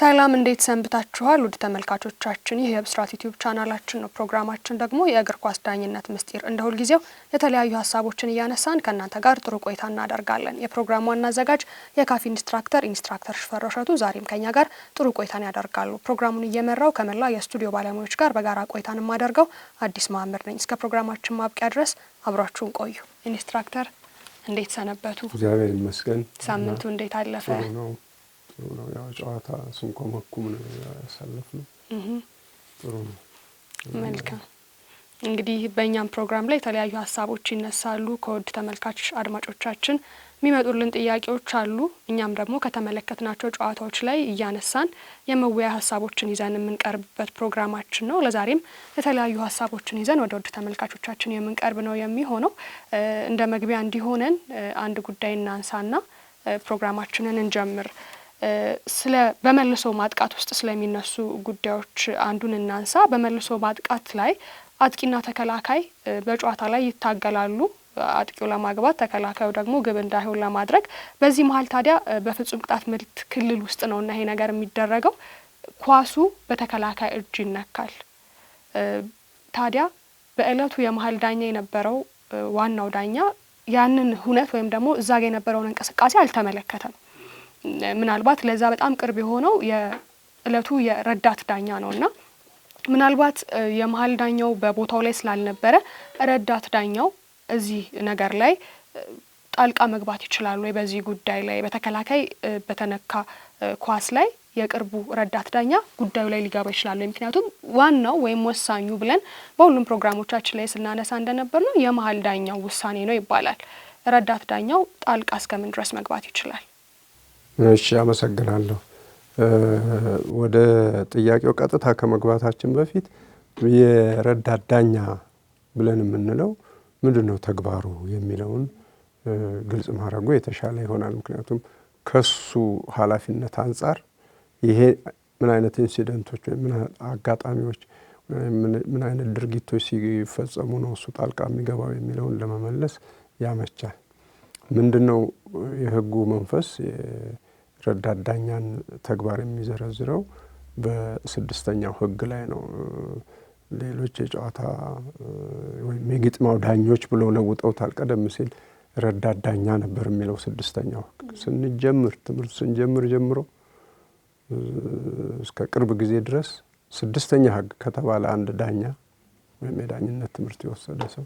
ሰላም እንዴት ሰንብታችኋል? ውድ ተመልካቾቻችን ይህ የብስራት ዩቲዩብ ቻናላችን ነው። ፕሮግራማችን ደግሞ የእግር ኳስ ዳኝነት ምስጢር እንደ ሁልጊዜው የተለያዩ ሀሳቦችን እያነሳን ከእናንተ ጋር ጥሩ ቆይታ እናደርጋለን። የፕሮግራሙ ዋና አዘጋጅ የካፍ ኢንስትራክተር ኢንስትራክተር ሽፈራው እሸቱ ዛሬም ከኛ ጋር ጥሩ ቆይታን ያደርጋሉ። ፕሮግራሙን እየመራው ከመላ የስቱዲዮ ባለሙያዎች ጋር በጋራ ቆይታን የማደርገው አዲስ መሀመድ ነኝ። እስከ ፕሮግራማችን ማብቂያ ድረስ አብሯችሁን ቆዩ። ኢንስትራክተር እንዴት ሰነበቱ? እግዚአብሔር ይመስገን። ሳምንቱ እንዴት አለፈ? ጥሩ ነው። ያው ጨዋታ ስንኮመኩም ነው ያሳለፍ ነው። ጥሩ ነው። መልካም እንግዲህ በእኛም ፕሮግራም ላይ የተለያዩ ሀሳቦች ይነሳሉ። ከውድ ተመልካች አድማጮቻችን የሚመጡልን ጥያቄዎች አሉ። እኛም ደግሞ ከተመለከትናቸው ጨዋታዎች ላይ እያነሳን የመወያ ሀሳቦችን ይዘን የምንቀርብበት ፕሮግራማችን ነው። ለዛሬም የተለያዩ ሀሳቦችን ይዘን ወደ ውድ ተመልካቾቻችን የምንቀርብ ነው የሚሆነው። እንደ መግቢያ እንዲሆነን አንድ ጉዳይ እናንሳና ፕሮግራማችንን እንጀምር። ስለ በመልሶ ማጥቃት ውስጥ ስለሚነሱ ጉዳዮች አንዱን እናንሳ። በመልሶ ማጥቃት ላይ አጥቂና ተከላካይ በጨዋታ ላይ ይታገላሉ። አጥቂው ለማግባት ተከላካዩ ደግሞ ግብ እንዳይሆን ለማድረግ። በዚህ መሀል ታዲያ በፍጹም ቅጣት ምት ክልል ውስጥ ነው እና ይሄ ነገር የሚደረገው ኳሱ በተከላካይ እጅ ይነካል። ታዲያ በእለቱ የመሀል ዳኛ የነበረው ዋናው ዳኛ ያንን ሁነት ወይም ደግሞ እዛ ጋ የነበረውን እንቅስቃሴ አልተመለከተም። ምናልባት ለዛ በጣም ቅርብ የሆነው የእለቱ የረዳት ዳኛ ነው እና ምናልባት የመሀል ዳኛው በቦታው ላይ ስላልነበረ ረዳት ዳኛው እዚህ ነገር ላይ ጣልቃ መግባት ይችላሉ ወይ? በዚህ ጉዳይ ላይ በተከላካይ በተነካ ኳስ ላይ የቅርቡ ረዳት ዳኛ ጉዳዩ ላይ ሊገባ ይችላሉ። ምክንያቱም ዋናው ወይም ወሳኙ ብለን በሁሉም ፕሮግራሞቻችን ላይ ስናነሳ እንደነበር ነው የመሀል ዳኛው ውሳኔ ነው ይባላል። ረዳት ዳኛው ጣልቃ እስከምን ድረስ መግባት ይችላል? እሺ አመሰግናለሁ። ወደ ጥያቄው ቀጥታ ከመግባታችን በፊት የረዳት ዳኛ ብለን የምንለው ምንድነው ተግባሩ የሚለውን ግልጽ ማድረጉ የተሻለ ይሆናል። ምክንያቱም ከሱ ሀላፊነት አንፃር ይሄ ምን አይነት ኢንሲደንቶች ወይም ምን አጋጣሚዎች ምን አይነት ድርጊቶች ሲፈጸሙ ነው እሱ ጣልቃ የሚገባው የሚለውን ለመመለስ ያመቻል። ምንድነው የህጉ መንፈስ ረዳት ዳኛን ተግባር የሚዘረዝረው በስድስተኛው ህግ ላይ ነው። ሌሎች የጨዋታ ወይም የግጥማው ዳኞች ብሎ ለውጠውታል። ቀደም ሲል ረዳት ዳኛ ነበር የሚለው ስድስተኛው ህግ ስንጀምር ትምህርት ስንጀምር ጀምሮ እስከ ቅርብ ጊዜ ድረስ ስድስተኛ ህግ ከተባለ አንድ ዳኛ ወይም የዳኝነት ትምህርት የወሰደ ሰው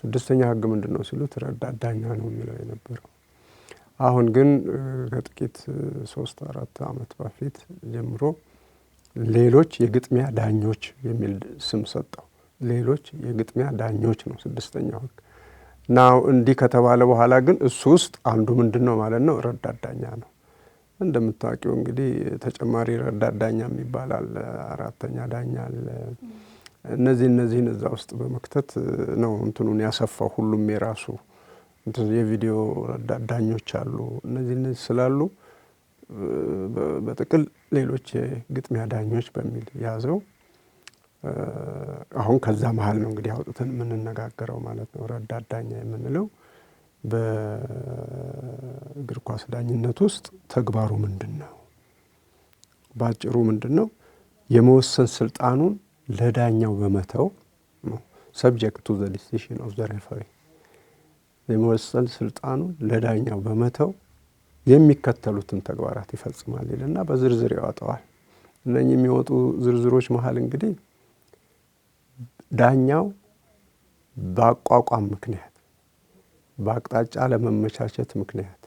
ስድስተኛ ህግ ምንድን ነው ሲሉት ረዳት ዳኛ ነው የሚለው የነበረው አሁን ግን ከጥቂት ሶስት አራት ዓመት በፊት ጀምሮ ሌሎች የግጥሚያ ዳኞች የሚል ስም ሰጠው። ሌሎች የግጥሚያ ዳኞች ነው ስድስተኛው ሕግ እና እንዲህ ከተባለ በኋላ ግን እሱ ውስጥ አንዱ ምንድን ነው ማለት ነው ረዳት ዳኛ ነው። እንደምታውቂው እንግዲህ ተጨማሪ ረዳት ዳኛም ይባላል፣ አራተኛ ዳኛ አለ። እነዚህ እነዚህን እዛ ውስጥ በመክተት ነው እንትኑን ያሰፋው ሁሉም የራሱ የቪዲዮ ዳኞች አሉ። እነዚህ እነዚህ ስላሉ በጥቅል ሌሎች የግጥሚያ ዳኞች በሚል ያዘው። አሁን ከዛ መሀል ነው እንግዲህ አውጥተን የምንነጋገረው ማለት ነው። ረዳት ዳኛ የምንለው በእግር ኳስ ዳኝነት ውስጥ ተግባሩ ምንድን ነው? በአጭሩ ምንድን ነው የመወሰን ስልጣኑን ለዳኛው በመተው ነው። ሰብጀክት ቱ ዘ ዲሲሽን ኦፍ ዘ ሬፈሪ የመወሰን ስልጣኑን ለዳኛው በመተው የሚከተሉትን ተግባራት ይፈጽማል ይልና በዝርዝር ያወጣዋል። እነኚህ የሚወጡ ዝርዝሮች መሀል እንግዲህ ዳኛው በአቋቋም ምክንያት፣ በአቅጣጫ ለመመቻቸት ምክንያት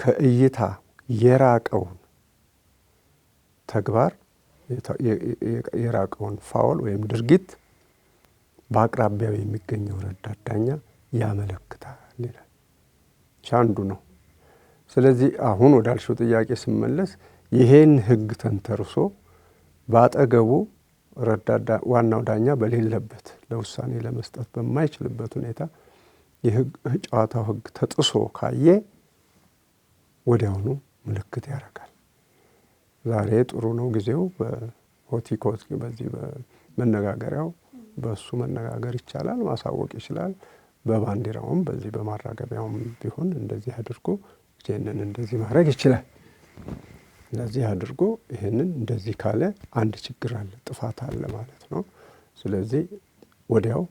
ከእይታ የራቀውን ተግባር የራቀውን ፋውል ወይም ድርጊት በአቅራቢያው የሚገኘው ረዳት ዳኛ ያመለክታል ይላል። አንዱ ነው። ስለዚህ አሁን ወዳልሽው ጥያቄ ስመለስ ይሄን ህግ ተንተርሶ በአጠገቡ ዋናው ዳኛ በሌለበት ለውሳኔ ለመስጠት በማይችልበት ሁኔታ የጨዋታው ህግ ተጥሶ ካየ ወዲያውኑ ምልክት ያደርጋል። ዛሬ ጥሩ ነው ጊዜው በሆቲኮት በዚህ በመነጋገሪያው በሱ መነጋገር ይቻላል፣ ማሳወቅ ይችላል። በባንዲራውም በዚህ በማራገቢያውም ቢሆን እንደዚህ አድርጎ ይህንን እንደዚህ ማድረግ ይችላል። እንደዚህ አድርጎ ይህንን እንደዚህ ካለ አንድ ችግር አለ፣ ጥፋት አለ ማለት ነው። ስለዚህ ወዲያው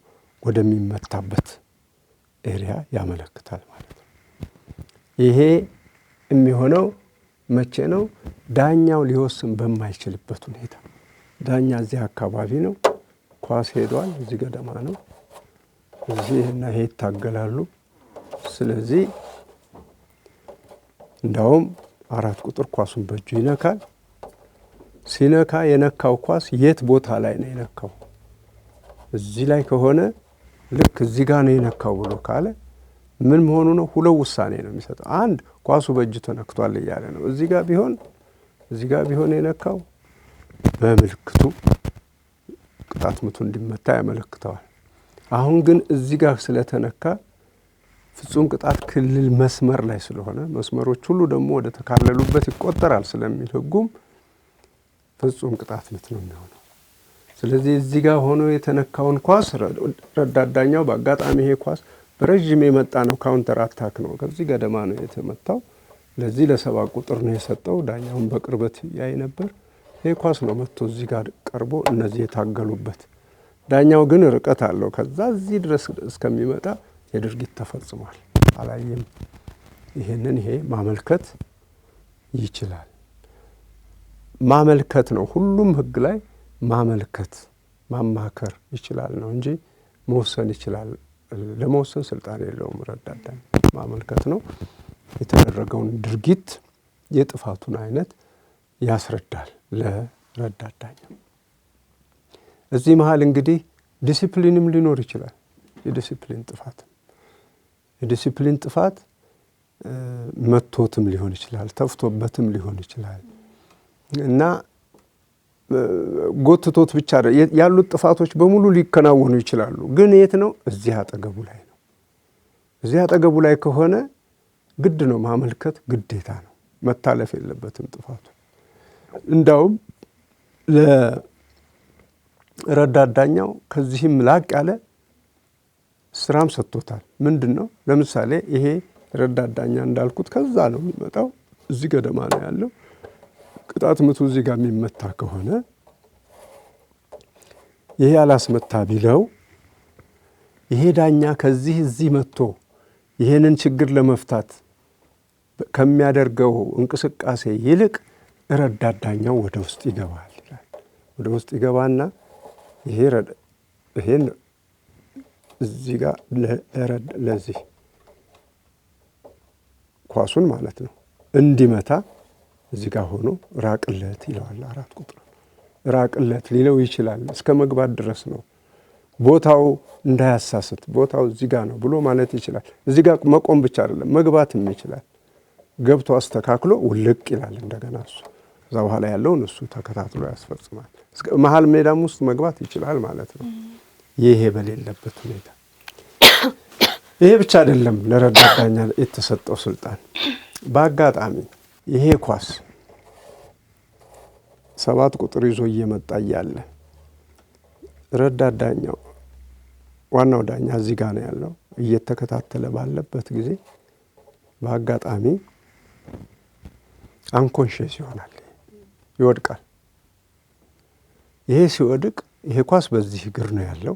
ወደሚመታበት ኤሪያ ያመለክታል ማለት ነው። ይሄ የሚሆነው መቼ ነው? ዳኛው ሊወስን በማይችልበት ሁኔታ ዳኛ እዚህ አካባቢ ነው ኳስ ሄዷል። እዚህ ገደማ ነው። እዚህ እና ይሄ ይታገላሉ። ስለዚህ እንዳውም አራት ቁጥር ኳሱን በእጁ ይነካል። ሲነካ የነካው ኳስ የት ቦታ ላይ ነው የነካው? እዚህ ላይ ከሆነ ልክ እዚህ ጋር ነው የነካው ብሎ ካለ ምን መሆኑ ነው? ሁለት ውሳኔ ነው የሚሰጠው። አንድ ኳሱ በእጁ ተነክቷል እያለ ነው። እዚህ ጋር ቢሆን እዚህ ጋር ቢሆን የነካው በምልክቱ አጥምቶ እንዲመታ ያመለክተዋል። አሁን ግን እዚህ ጋር ስለተነካ ፍጹም ቅጣት ክልል መስመር ላይ ስለሆነ መስመሮች ሁሉ ደግሞ ወደ ተካለሉበት ይቆጠራል ስለሚል ህጉም ፍጹም ቅጣት ምት ነው የሚሆነው። ስለዚህ እዚህ ጋር ሆኖ የተነካውን ኳስ ረዳዳኛው በአጋጣሚ ይሄ ኳስ በረዥም የመጣ ነው፣ ካውንተር አታክ ነው፣ ከዚህ ገደማ ነው የተመታው፣ ለዚህ ለሰባ ቁጥር ነው የሰጠው። ዳኛውን በቅርበት ያይ ነበር። ይህ ኳስ ነው መጥቶ እዚህ ጋር ቀርቦ እነዚህ የታገሉበት። ዳኛው ግን ርቀት አለው። ከዛ እዚህ ድረስ እስከሚመጣ የድርጊት ተፈጽሟል አላየም። ይህንን ይሄ ማመልከት ይችላል። ማመልከት ነው ሁሉም ህግ ላይ ማመልከት ማማከር ይችላል ነው እንጂ መወሰን ይችላል ለመወሰን ስልጣን የለውም። ረዳዳ ማመልከት ነው። የተደረገውን ድርጊት የጥፋቱን አይነት ያስረዳል። ለረዳት ዳኛ። እዚህ መሀል እንግዲህ ዲሲፕሊንም ሊኖር ይችላል። የዲሲፕሊን ጥፋት የዲሲፕሊን ጥፋት መቶትም ሊሆን ይችላል፣ ተፍቶበትም ሊሆን ይችላል እና ጎትቶት ብቻ ያሉት ጥፋቶች በሙሉ ሊከናወኑ ይችላሉ። ግን የት ነው? እዚህ አጠገቡ ላይ ነው። እዚህ አጠገቡ ላይ ከሆነ ግድ ነው ማመልከት፣ ግዴታ ነው። መታለፍ የለበትም ጥፋቱ። እንዳውም ለረዳዳኛው ከዚህም ላቅ ያለ ስራም ሰጥቶታል። ምንድን ነው? ለምሳሌ ይሄ ረዳዳኛ ዳኛ እንዳልኩት ከዛ ነው የሚመጣው። እዚህ ገደማ ነው ያለው ቅጣት ምቱ። እዚህ ጋር የሚመታ ከሆነ ይሄ አላስመታ ቢለው ይሄ ዳኛ ከዚህ እዚህ መጥቶ ይሄንን ችግር ለመፍታት ከሚያደርገው እንቅስቃሴ ይልቅ ረዳት ዳኛው ወደ ውስጥ ይገባል ይላል። ወደ ውስጥ ይገባና ይሄን እዚህ ጋር ለዚህ ኳሱን ማለት ነው እንዲመታ እዚህ ጋር ሆኖ ራቅለት ይለዋል። አራት ቁጥር ራቅለት ሊለው ይችላል። እስከ መግባት ድረስ ነው። ቦታው እንዳያሳስት ቦታው እዚህ ጋር ነው ብሎ ማለት ይችላል። እዚህ ጋር መቆም ብቻ አይደለም መግባትም ይችላል። ገብቶ አስተካክሎ ውልቅ ይላል እንደገና እሱ እዛ በኋላ ያለውን እሱ ተከታትሎ ያስፈጽማል። መሀል ሜዳም ውስጥ መግባት ይችላል ማለት ነው። ይሄ በሌለበት ሁኔታ ይሄ ብቻ አይደለም ለረዳት ዳኛ የተሰጠው ስልጣን። በአጋጣሚ ይሄ ኳስ ሰባት ቁጥር ይዞ እየመጣ እያለ ረዳት ዳኛው ዋናው ዳኛ እዚህ ጋ ነው ያለው። እየተከታተለ ባለበት ጊዜ በአጋጣሚ አንኮንሽስ ይሆናል። ይወድቃል። ይሄ ሲወድቅ ይሄ ኳስ በዚህ እግር ነው ያለው።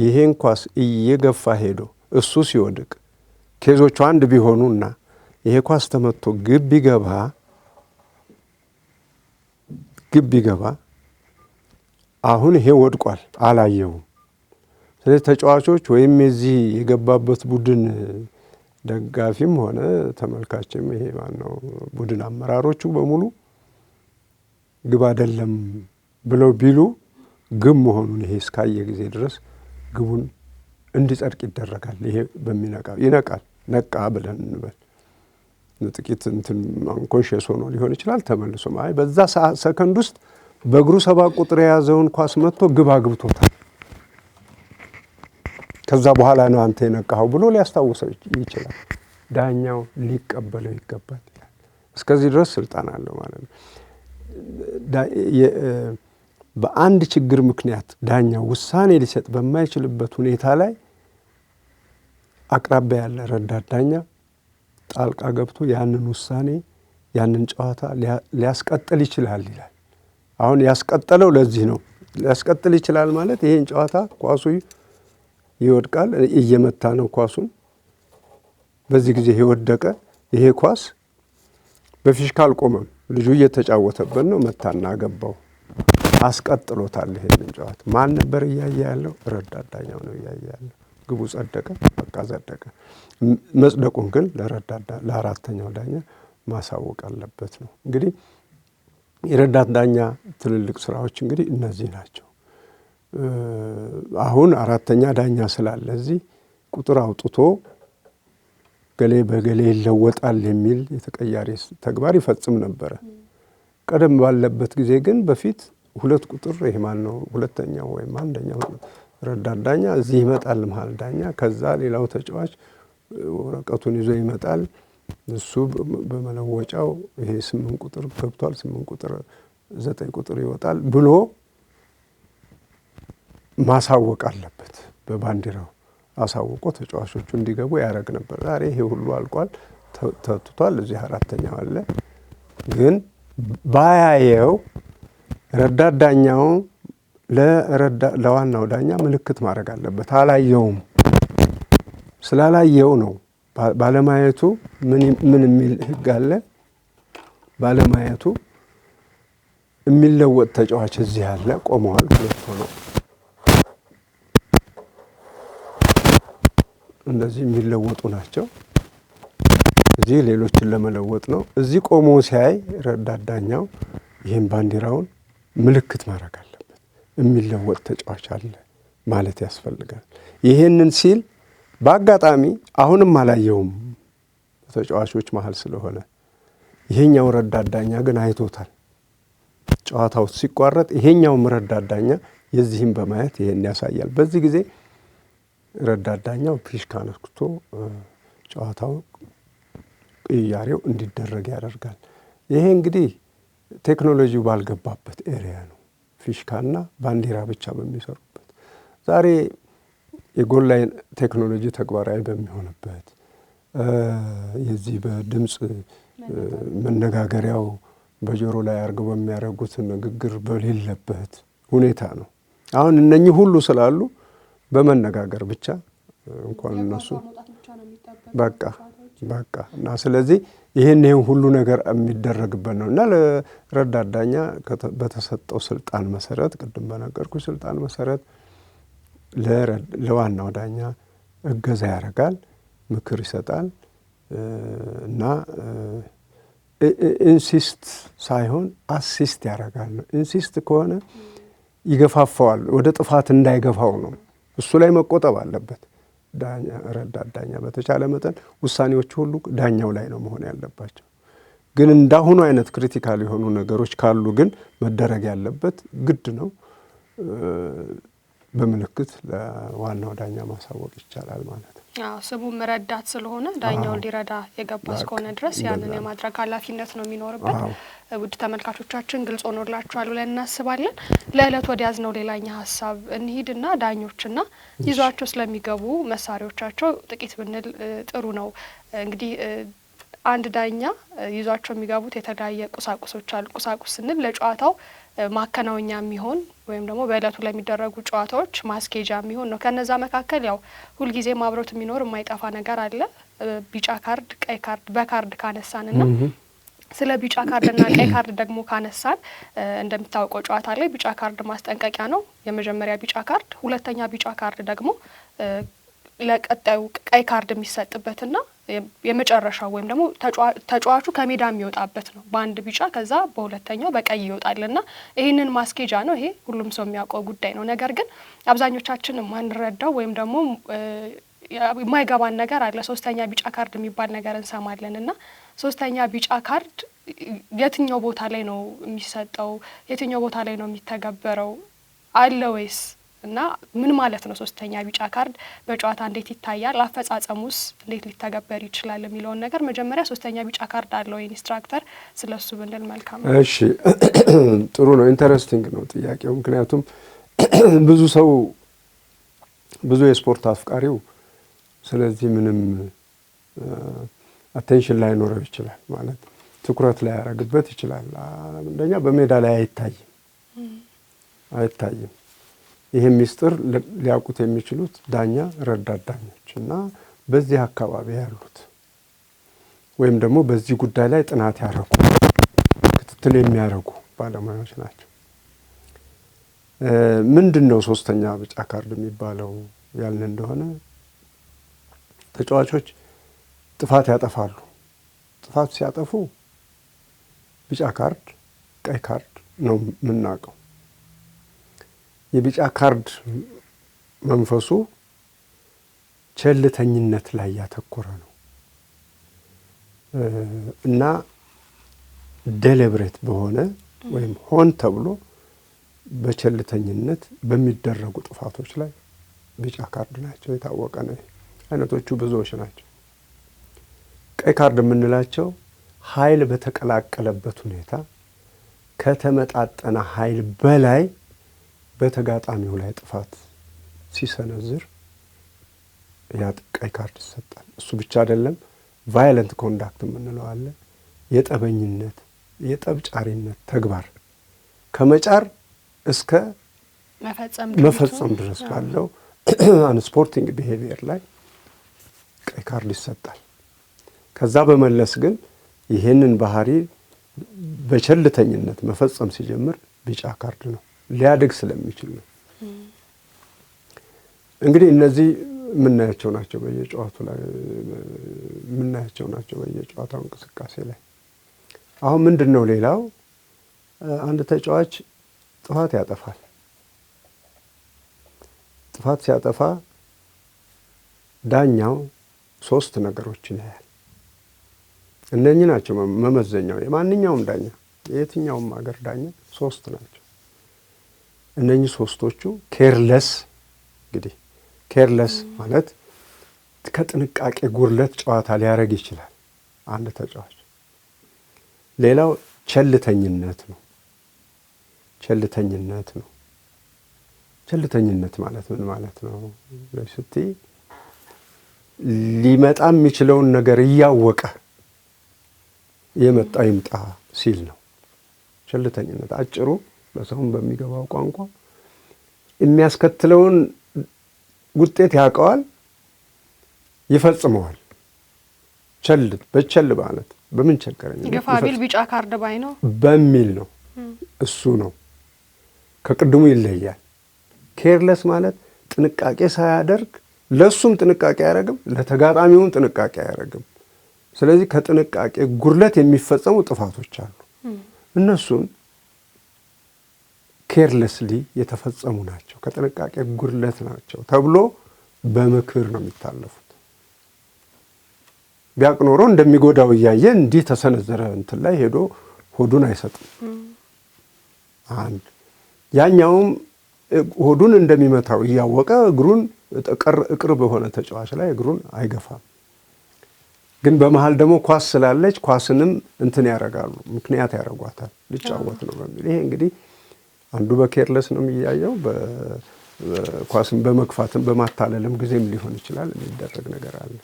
ይሄን ኳስ እየገፋ ሄዶ እሱ ሲወድቅ ኬዞቹ አንድ ቢሆኑና ይሄ ኳስ ተመቶ ግብ ቢገባ ግብ ቢገባ አሁን ይሄ ወድቋል፣ አላየውም። ስለዚህ ተጫዋቾች ወይም የዚህ የገባበት ቡድን ደጋፊም ሆነ ተመልካችም ይሄ ማነው ቡድን አመራሮቹ በሙሉ ግብ አይደለም ብለው ቢሉ ግብ መሆኑን ይሄ እስካየ ጊዜ ድረስ ግቡን እንዲጸድቅ ይደረጋል። ይሄ በሚነቃ ይነቃል። ነቃ ብለን እንበል ጥቂት እንትን አንኮንሽስ ሆኖ ሊሆን ይችላል። ተመልሶ አይ በዛ ሰከንድ ውስጥ በእግሩ ሰባት ቁጥር የያዘውን ኳስ መጥቶ ግብ አግብቶታል። ከዛ በኋላ ነው አንተ የነቃኸው ብሎ ሊያስታውሰው ይችላል። ዳኛው ሊቀበለው ይገባል ይላል። እስከዚህ ድረስ ስልጣን አለው ማለት ነው። በአንድ ችግር ምክንያት ዳኛው ውሳኔ ሊሰጥ በማይችልበት ሁኔታ ላይ አቅራቢያ ያለ ረዳት ዳኛ ጣልቃ ገብቶ ያንን ውሳኔ ያንን ጨዋታ ሊያስቀጥል ይችላል ይላል። አሁን ያስቀጠለው ለዚህ ነው። ሊያስቀጥል ይችላል ማለት ይሄን ጨዋታ ኳሱ ይወድቃል። እየመታ ነው ኳሱን። በዚህ ጊዜ የወደቀ ይሄ ኳስ በፊሽካ አልቆመም። ልጁ እየተጫወተበት ነው። መታና ገባው። አስቀጥሎታል። ይሄንን ጨዋታ ማን ነበር እያየ ያለው? ረዳት ዳኛው ነው እያየ ያለው። ግቡ ጸደቀ፣ በቃ ጸደቀ። መጽደቁን ግን ለአራተኛው ዳኛ ማሳወቅ አለበት ነው። እንግዲህ የረዳት ዳኛ ትልልቅ ስራዎች እንግዲህ እነዚህ ናቸው። አሁን አራተኛ ዳኛ ስላለ እዚህ ቁጥር አውጥቶ ገሌ በገሌ ይለወጣል የሚል የተቀያሪ ተግባር ይፈጽም ነበረ። ቀደም ባለበት ጊዜ ግን በፊት ሁለት ቁጥር ይሄ ማን ነው ሁለተኛው ወይም አንደኛው ረዳት ዳኛ እዚህ ይመጣል መሀል ዳኛ፣ ከዛ ሌላው ተጫዋች ወረቀቱን ይዞ ይመጣል። እሱ በመለወጫው ይሄ ስምንት ቁጥር ገብቷል፣ ስምንት ቁጥር ዘጠኝ ቁጥር ይወጣል ብሎ ማሳወቅ አለበት። በባንዲራው አሳውቆ ተጫዋቾቹ እንዲገቡ ያደረግ ነበር። ዛሬ ይሄ ሁሉ አልቋል፣ ተትቷል። እዚህ አራተኛው አለ። ግን ባያየው ረዳት ዳኛው ለዋናው ዳኛ ምልክት ማድረግ አለበት። አላየውም። ስላላየው ነው ባለማየቱ ምን የሚል ህግ አለ? ባለማየቱ የሚለወጥ ተጫዋች እዚህ አለ። ቆመዋል፣ ሁለት ሆነው እነዚህ የሚለወጡ ናቸው። እዚህ ሌሎችን ለመለወጥ ነው። እዚህ ቆሞ ሲያይ ረዳዳኛው ይህን ባንዲራውን ምልክት ማድረግ አለበት። የሚለወጥ ተጫዋች አለ ማለት ያስፈልጋል። ይህንን ሲል በአጋጣሚ አሁንም አላየውም ተጫዋቾች መሀል ስለሆነ ይሄኛው ረዳዳኛ ግን አይቶታል። ጨዋታው ሲቋረጥ ይሄኛውም ረዳዳኛ የዚህም በማየት ይሄን ያሳያል። በዚህ ጊዜ ረዳት ዳኛው ፊሽካ ነክቶ ጨዋታው ቅያሬው እንዲደረግ ያደርጋል። ይሄ እንግዲህ ቴክኖሎጂው ባልገባበት ኤሪያ ነው። ፊሽካና ባንዲራ ብቻ በሚሰሩበት ዛሬ የጎል ላይ ቴክኖሎጂ ተግባራዊ በሚሆንበት የዚህ በድምፅ መነጋገሪያው በጆሮ ላይ አድርገው በሚያደርጉት ንግግር በሌለበት ሁኔታ ነው። አሁን እነኚህ ሁሉ ስላሉ በመነጋገር ብቻ እንኳን እነሱ በቃ በቃ እና ስለዚህ ይህን ይህን ሁሉ ነገር የሚደረግበት ነው እና ለረዳት ዳኛ በተሰጠው ስልጣን መሰረት ቅድም በነገርኩ ስልጣን መሰረት ለዋናው ዳኛ እገዛ ያደርጋል፣ ምክር ይሰጣል እና ኢንሲስት ሳይሆን አሲስት ያደርጋል ነው። ኢንሲስት ከሆነ ይገፋፋዋል፣ ወደ ጥፋት እንዳይገፋው ነው። እሱ ላይ መቆጠብ አለበት። ረዳት ዳኛ በተቻለ መጠን ውሳኔዎች ሁሉ ዳኛው ላይ ነው መሆን ያለባቸው። ግን እንዳሁኑ አይነት ክሪቲካል የሆኑ ነገሮች ካሉ ግን መደረግ ያለበት ግድ ነው። በምልክት ለዋናው ዳኛ ማሳወቅ ይቻላል ማለት ነው። ስሙም መረዳት ስለሆነ ዳኛው እንዲረዳ የገባ እስከሆነ ድረስ ያንን የማድረግ ኃላፊነት ነው የሚኖርበት። ውድ ተመልካቾቻችን ግልጽ ሆኖላችኋል ብለን እናስባለን። ለዕለት ወዲያዝ ነው ሌላኛ ሀሳብ እንሂድና ዳኞችና ይዟቸው ስለሚገቡ መሳሪያዎቻቸው ጥቂት ብንል ጥሩ ነው። እንግዲህ አንድ ዳኛ ይዟቸው የሚገቡት የተለያየ ቁሳቁሶች አሉ። ቁሳቁስ ስንል ለጨዋታው ማከናወኛ የሚሆን ወይም ደግሞ በእለቱ ለሚደረጉ ጨዋታዎች ማስኬጃ የሚሆን ነው። ከነዛ መካከል ያው ሁልጊዜ ማብረት የሚኖር የማይጠፋ ነገር አለ። ቢጫ ካርድ፣ ቀይ ካርድ በካርድ ካነሳንና ስለ ቢጫ ካርድና ቀይ ካርድ ደግሞ ካነሳን እንደሚታወቀው ጨዋታ ላይ ቢጫ ካርድ ማስጠንቀቂያ ነው። የመጀመሪያ ቢጫ ካርድ፣ ሁለተኛ ቢጫ ካርድ ደግሞ ለቀጣዩ ቀይ ካርድ የሚሰጥበትና የመጨረሻው ወይም ደግሞ ተጫዋቹ ከሜዳ የሚወጣበት ነው። በአንድ ቢጫ ከዛ በሁለተኛው በቀይ ይወጣል እና ይህንን ማስኬጃ ነው። ይሄ ሁሉም ሰው የሚያውቀው ጉዳይ ነው። ነገር ግን አብዛኞቻችን የማንረዳው ወይም ደግሞ የማይገባን ነገር አለ። ሶስተኛ ቢጫ ካርድ የሚባል ነገር እንሰማለን እና ሶስተኛ ቢጫ ካርድ የትኛው ቦታ ላይ ነው የሚሰጠው? የትኛው ቦታ ላይ ነው የሚተገበረው? አለ ወይስ እና ምን ማለት ነው ሶስተኛ ቢጫ ካርድ በጨዋታ እንዴት ይታያል፣ አፈጻጸሙስ እንዴት ሊተገበር ይችላል የሚለውን ነገር መጀመሪያ ሶስተኛ ቢጫ ካርድ አለው ኢንስትራክተር ስለሱ ብንል መልካም ነው። እሺ ጥሩ ነው። ኢንተረስቲንግ ነው ጥያቄው። ምክንያቱም ብዙ ሰው ብዙ የስፖርት አፍቃሪው ስለዚህ ምንም አቴንሽን ላይኖረው ይችላል ማለት ትኩረት ላይ ያረግበት ይችላል። አንደኛ በሜዳ ላይ አይታይም አይታይም ይህ ሚስጥር ሊያውቁት የሚችሉት ዳኛ፣ ረዳት ዳኞች እና በዚህ አካባቢ ያሉት ወይም ደግሞ በዚህ ጉዳይ ላይ ጥናት ያደረጉ ክትትል የሚያደርጉ ባለሙያዎች ናቸው። ምንድን ነው ሶስተኛ ቢጫ ካርድ የሚባለው ያልን እንደሆነ ተጫዋቾች ጥፋት ያጠፋሉ። ጥፋት ሲያጠፉ ቢጫ ካርድ፣ ቀይ ካርድ ነው የምናውቀው። የቢጫ ካርድ መንፈሱ ቸልተኝነት ላይ ያተኮረ ነው እና ደሌብሬት በሆነ ወይም ሆን ተብሎ በቸልተኝነት በሚደረጉ ጥፋቶች ላይ ቢጫ ካርድ ናቸው። የታወቀ ነው። አይነቶቹ ብዙዎች ናቸው። ቀይ ካርድ የምንላቸው ኃይል በተቀላቀለበት ሁኔታ ከተመጣጠነ ኃይል በላይ በተጋጣሚው ላይ ጥፋት ሲሰነዝር ያ ቀይ ካርድ ይሰጣል። እሱ ብቻ አይደለም፣ ቫዮለንት ኮንዳክት የምንለው አለ። የጠበኝነት የጠብጫሪነት ተግባር ከመጫር እስከ መፈጸም ድረስ ባለው ስፖርቲንግ ቢሄቪየር ላይ ቀይ ካርድ ይሰጣል። ከዛ በመለስ ግን ይህንን ባህሪ በቸልተኝነት መፈጸም ሲጀምር ቢጫ ካርድ ነው። ሊያድግ ስለሚችል ነው። እንግዲህ እነዚህ የምናያቸው ናቸው፣ በየጨዋቱ ላይ የምናያቸው ናቸው፣ በየጨዋታው እንቅስቃሴ ላይ። አሁን ምንድን ነው ሌላው አንድ ተጫዋች ጥፋት ያጠፋል። ጥፋት ሲያጠፋ ዳኛው ሶስት ነገሮችን ያያል። እነኚህ ናቸው መመዘኛው። የማንኛውም ዳኛ የየትኛውም ሀገር ዳኛ ሶስት ናቸው። እነኚህ ሶስቶቹ ኬርለስ እንግዲህ ኬርለስ ማለት ከጥንቃቄ ጉርለት ጨዋታ ሊያደርግ ይችላል አንድ ተጫዋች። ሌላው ቸልተኝነት ነው። ቸልተኝነት ነው። ቸልተኝነት ማለት ምን ማለት ነው ለስቲ ሊመጣ የሚችለውን ነገር እያወቀ የመጣ ይምጣ ሲል ነው ቸልተኝነት አጭሩ ለሰውም በሚገባው ቋንቋ የሚያስከትለውን ውጤት ያውቀዋል፣ ይፈጽመዋል። ቸል በቸል ማለት በምን ቸገረኝ ገፋ ቢጫ ካርድ ባይ ነው በሚል ነው። እሱ ነው ከቅድሙ ይለያል። ኬርለስ ማለት ጥንቃቄ ሳያደርግ ለእሱም ጥንቃቄ አያደርግም፣ ለተጋጣሚውም ጥንቃቄ አያደርግም። ስለዚህ ከጥንቃቄ ጉድለት የሚፈጸሙ ጥፋቶች አሉ እነሱን ኬርለስሊ የተፈጸሙ ናቸው፣ ከጥንቃቄ ጉድለት ናቸው ተብሎ በምክር ነው የሚታለፉት። ቢያቅ ኖሮ እንደሚጎዳው እያየ እንዲህ ተሰነዘረ እንትን ላይ ሄዶ ሆዱን አይሰጥም። አንድ ያኛውም ሆዱን እንደሚመታው እያወቀ እግሩን ቅርብ በሆነ ተጫዋች ላይ እግሩን አይገፋም። ግን በመሀል ደግሞ ኳስ ስላለች ኳስንም እንትን ያደርጋሉ፣ ምክንያት ያደርጓታል። ልጫወት ነው በሚል ይሄ እንግዲህ አንዱ በኬርለስ ነው የሚያየው፣ ኳስም በመግፋትም በማታለልም ጊዜም ሊሆን ይችላል የሚደረግ ነገር አለ።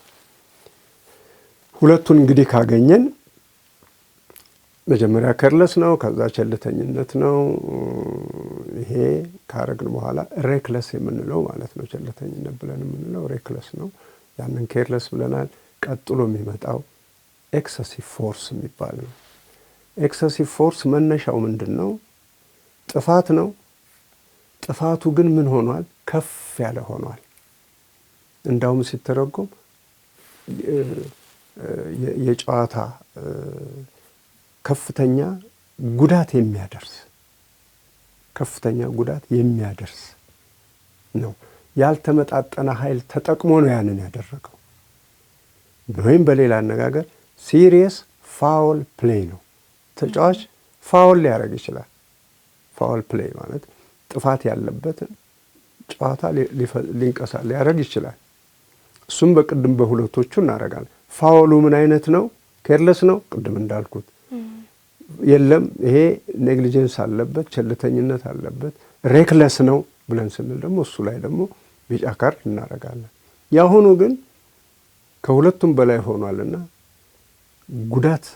ሁለቱን እንግዲህ ካገኘን መጀመሪያ ኬርለስ ነው፣ ከዛ ቸልተኝነት ነው። ይሄ ካረግን በኋላ ሬክለስ የምንለው ማለት ነው። ቸልተኝነት ብለን የምንለው ሬክለስ ነው። ያንን ኬርለስ ብለናል። ቀጥሎ የሚመጣው ኤክሰሲቭ ፎርስ የሚባል ነው። ኤክሰሲቭ ፎርስ መነሻው ምንድን ነው? ጥፋት ነው። ጥፋቱ ግን ምን ሆኗል? ከፍ ያለ ሆኗል። እንዳውም ሲተረጎም የጨዋታ ከፍተኛ ጉዳት የሚያደርስ ከፍተኛ ጉዳት የሚያደርስ ነው። ያልተመጣጠነ ኃይል ተጠቅሞ ነው ያንን ያደረገው። ወይም በሌላ አነጋገር ሲሪየስ ፋውል ፕሌይ ነው። ተጫዋች ፋውል ሊያደርግ ይችላል። ፋውል ፕሌይ ማለት ጥፋት ያለበትን ጨዋታ ሊንቀሳ ሊያደርግ ይችላል። እሱም በቅድም በሁለቶቹ እናደርጋለን። ፋውሉ ምን አይነት ነው? ኬርለስ ነው፣ ቅድም እንዳልኩት የለም ይሄ ኔግሊጀንስ አለበት፣ ቸልተኝነት አለበት፣ ሬክለስ ነው ብለን ስንል ደግሞ እሱ ላይ ደግሞ ቢጫ ካርድ እናደርጋለን። የአሁኑ ግን ከሁለቱም በላይ ሆኗልና ጉዳት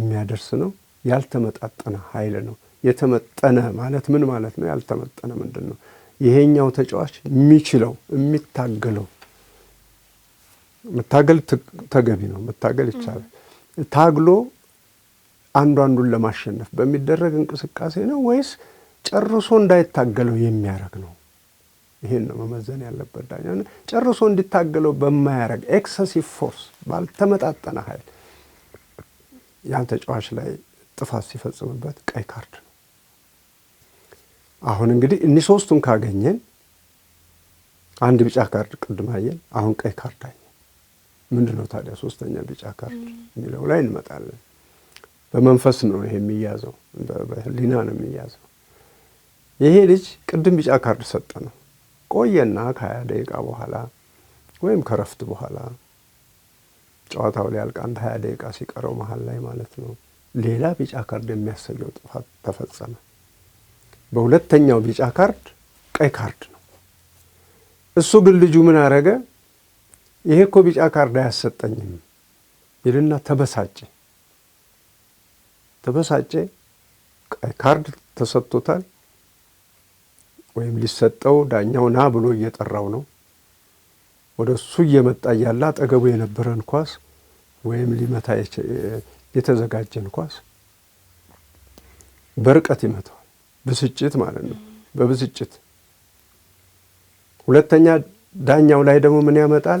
የሚያደርስ ነው፣ ያልተመጣጠነ ኃይል ነው። የተመጠነ ማለት ምን ማለት ነው? ያልተመጠነ ምንድን ነው? ይሄኛው ተጫዋች የሚችለው የሚታገለው መታገል ተገቢ ነው። መታገል ይቻላል። ታግሎ አንዱ አንዱን ለማሸነፍ በሚደረግ እንቅስቃሴ ነው ወይስ ጨርሶ እንዳይታገለው የሚያደርግ ነው? ይሄን ነው መመዘን ያለበት ዳኛ። ጨርሶ እንዲታገለው በማያደርግ ኤክሰሲቭ ፎርስ፣ ባልተመጣጠነ ኃይል ያን ተጫዋች ላይ ጥፋት ሲፈጽምበት ቀይ ካርድ አሁን እንግዲህ እኒህ ሶስቱን ካገኘን አንድ ቢጫ ካርድ ቅድም አየን። አሁን ቀይ ካርድ አየን። ምንድን ነው ታዲያ ሶስተኛ ቢጫ ካርድ የሚለው ላይ እንመጣለን። በመንፈስ ነው ይሄ የሚያዘው፣ በህሊና ነው የሚያዘው። ይሄ ልጅ ቅድም ቢጫ ካርድ ሰጠ ነው ቆየና ከሀያ ደቂቃ በኋላ ወይም ከረፍት በኋላ ጨዋታው ሊያልቅ አንድ ሀያ ደቂቃ ሲቀረው መሀል ላይ ማለት ነው ሌላ ቢጫ ካርድ የሚያሰየው ጥፋት ተፈጸመ። በሁለተኛው ቢጫ ካርድ ቀይ ካርድ ነው። እሱ ግን ልጁ ምን አረገ? ይሄ እኮ ቢጫ ካርድ አያሰጠኝም ይልና ተበሳጨ። ተበሳጨ። ቀይ ካርድ ተሰጥቶታል፣ ወይም ሊሰጠው ዳኛው ና ብሎ እየጠራው ነው። ወደ እሱ እየመጣ እያለ አጠገቡ የነበረን ኳስ ወይም ሊመታ የተዘጋጀን ኳስ በርቀት ይመታው ብስጭት ማለት ነው። በብስጭት ሁለተኛ ዳኛው ላይ ደግሞ ምን ያመጣል?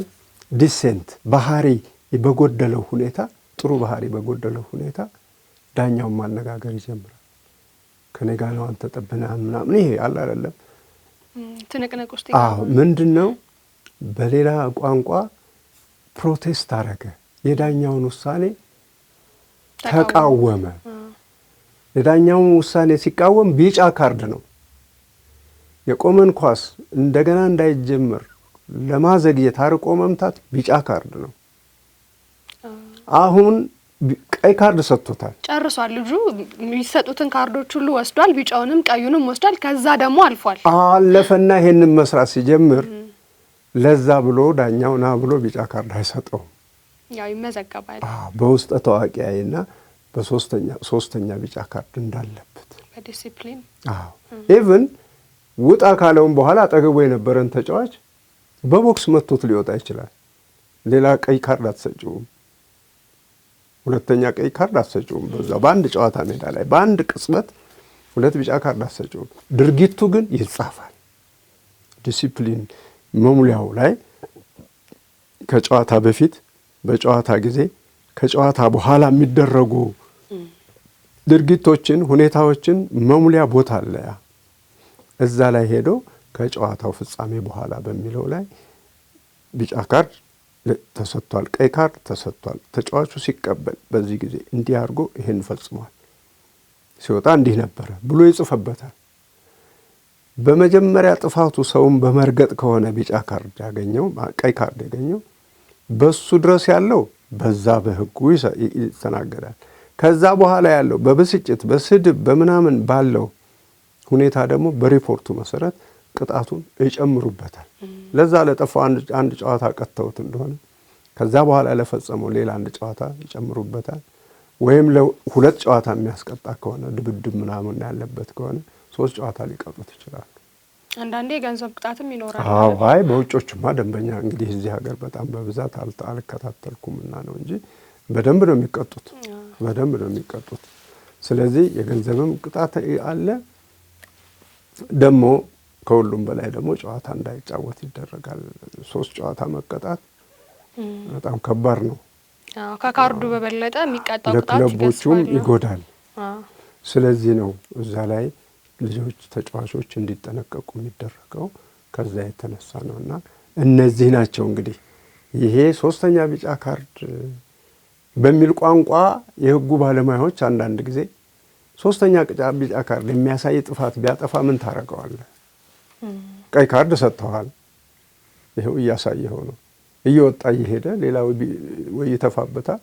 ዲሴንት ባህሪ በጎደለው ሁኔታ ጥሩ ባህሪ በጎደለው ሁኔታ ዳኛውን ማነጋገር ይጀምራል። ከኔ ጋር ነው አንተ ጠብነህ ምናምን ይሄ አለ አይደለም ትንቅንቅ ምንድን ነው በሌላ ቋንቋ ፕሮቴስት አረገ የዳኛውን ውሳኔ ተቃወመ የዳኛውን ውሳኔ ሲቃወም ቢጫ ካርድ ነው። የቆመን ኳስ እንደገና እንዳይጀምር ለማዘግየት አርቆ መምታት ቢጫ ካርድ ነው። አሁን ቀይ ካርድ ሰጥቶታል። ጨርሷል። ልጁ የሚሰጡትን ካርዶች ሁሉ ወስዷል። ቢጫውንም ቀዩንም ወስዷል። ከዛ ደግሞ አልፏል። አለፈና ይሄንን መስራት ሲጀምር ለዛ ብሎ ዳኛው ና ብሎ ቢጫ ካርድ አይሰጠውም። ያው ይመዘገባል በውስጠ ታዋቂ አይና በሶስተኛ ቢጫ ካርድ እንዳለበት በዲሲፕሊን ኢቭን ውጣ ካለውን በኋላ አጠገቡ የነበረን ተጫዋች በቦክስ መቶት ሊወጣ ይችላል። ሌላ ቀይ ካርድ አትሰጭውም፣ ሁለተኛ ቀይ ካርድ አትሰጭውም። በዛ በአንድ ጨዋታ ሜዳ ላይ በአንድ ቅጽበት ሁለት ቢጫ ካርድ አትሰጭውም። ድርጊቱ ግን ይጻፋል። ዲሲፕሊን መሙሊያው ላይ ከጨዋታ በፊት፣ በጨዋታ ጊዜ፣ ከጨዋታ በኋላ የሚደረጉ ድርጊቶችን፣ ሁኔታዎችን መሙሊያ ቦታ አለ። ያ እዛ ላይ ሄዶ ከጨዋታው ፍጻሜ በኋላ በሚለው ላይ ቢጫ ካርድ ተሰጥቷል፣ ቀይ ካርድ ተሰጥቷል። ተጫዋቹ ሲቀበል በዚህ ጊዜ እንዲህ አድርጎ ይህን ፈጽሟል፣ ሲወጣ እንዲህ ነበረ ብሎ ይጽፈበታል። በመጀመሪያ ጥፋቱ ሰውን በመርገጥ ከሆነ ቢጫ ካርድ ያገኘው ቀይ ካርድ ያገኘው በሱ ድረስ ያለው በዛ በህጉ ይስተናገዳል። ከዛ በኋላ ያለው በብስጭት በስድብ በምናምን ባለው ሁኔታ ደግሞ በሪፖርቱ መሰረት ቅጣቱን ይጨምሩበታል። ለዛ ለጠፋው አንድ ጨዋታ ቀጥተውት እንደሆነ ከዛ በኋላ ለፈጸመው ሌላ አንድ ጨዋታ ይጨምሩበታል። ወይም ለሁለት ጨዋታ የሚያስቀጣ ከሆነ ድብድብ ምናምን ያለበት ከሆነ ሶስት ጨዋታ ሊቀጡት ይችላሉ። አንዳንዴ የገንዘብ ቅጣትም ይኖራል። አይ በውጮችማ ደንበኛ እንግዲህ እዚህ ሀገር በጣም በብዛት አልከታተልኩም ና ነው እንጂ በደንብ ነው የሚቀጡት። በደንብ ነው የሚቀጡት። ስለዚህ የገንዘብም ቅጣት አለ። ደግሞ ከሁሉም በላይ ደግሞ ጨዋታ እንዳይጫወት ይደረጋል። ሶስት ጨዋታ መቀጣት በጣም ከባድ ነው። ከካርዱ በበለጠ የሚቀጣው ለክለቦቹም ይጎዳል። ስለዚህ ነው እዛ ላይ ልጆች ተጫዋቾች እንዲጠነቀቁ የሚደረገው ከዛ የተነሳ ነው እና እነዚህ ናቸው እንግዲህ ይሄ ሶስተኛ ቢጫ ካርድ በሚል ቋንቋ የህጉ ባለሙያዎች አንዳንድ ጊዜ ሶስተኛ ቅጫ ቢጫ ካርድ የሚያሳይ ጥፋት ቢያጠፋ ምን ታረገዋለህ? ቀይ ካርድ ሰጥተዋል። ይኸው እያሳየኸው ነው። እየወጣ እየሄደ ሌላ ወይ ይተፋበታል፣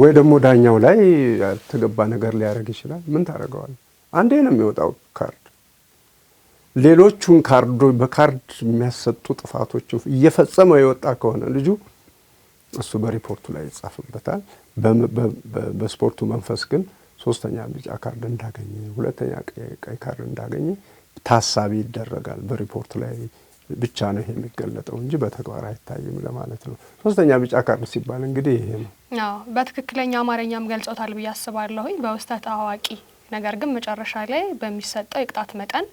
ወይ ደግሞ ዳኛው ላይ ያልተገባ ነገር ሊያደርግ ይችላል። ምን ታደርገዋለህ? አንዴ ነው የሚወጣው ካርድ። ሌሎቹን ካርዶ በካርድ የሚያሰጡ ጥፋቶች እየፈጸመው የወጣ ከሆነ ልጁ እሱ በሪፖርቱ ላይ ይጻፍበታል። በስፖርቱ መንፈስ ግን ሶስተኛ ቢጫ ካርድ እንዳገኘ፣ ሁለተኛ ቀይ ካርድ እንዳገኘ ታሳቢ ይደረጋል። በሪፖርቱ ላይ ብቻ ነው ይሄ የሚገለጠው እንጂ በተግባር አይታይም ለማለት ነው። ሶስተኛ ቢጫ ካርድ ሲባል እንግዲህ ይሄ ነው። በትክክለኛ አማርኛም ገልጾታል ብዬ አስባለሁኝ። በውስተት አዋቂ ነገር ግን መጨረሻ ላይ በሚሰጠው የቅጣት መጠን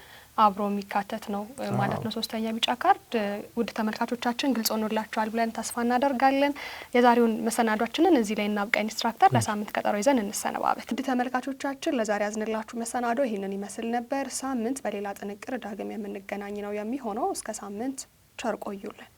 አብሮ የሚካተት ነው ማለት ነው። ሶስተኛ ቢጫ ካርድ ውድ ተመልካቾቻችን ግልጽ ሆኖላቸዋል ብለን ተስፋ እናደርጋለን። የዛሬውን መሰናዷችንን እዚህ ላይ እናብቃ። ኢንስትራክተር ለሳምንት ቀጠሮ ይዘን እንሰነባበት። ውድ ተመልካቾቻችን ለዛሬ ያዝንላችሁ መሰናዶ ይህንን ይመስል ነበር። ሳምንት በሌላ ጥንቅር ዳግም የምንገናኝ ነው የሚሆነው። እስከ ሳምንት ቸር ቆዩልን።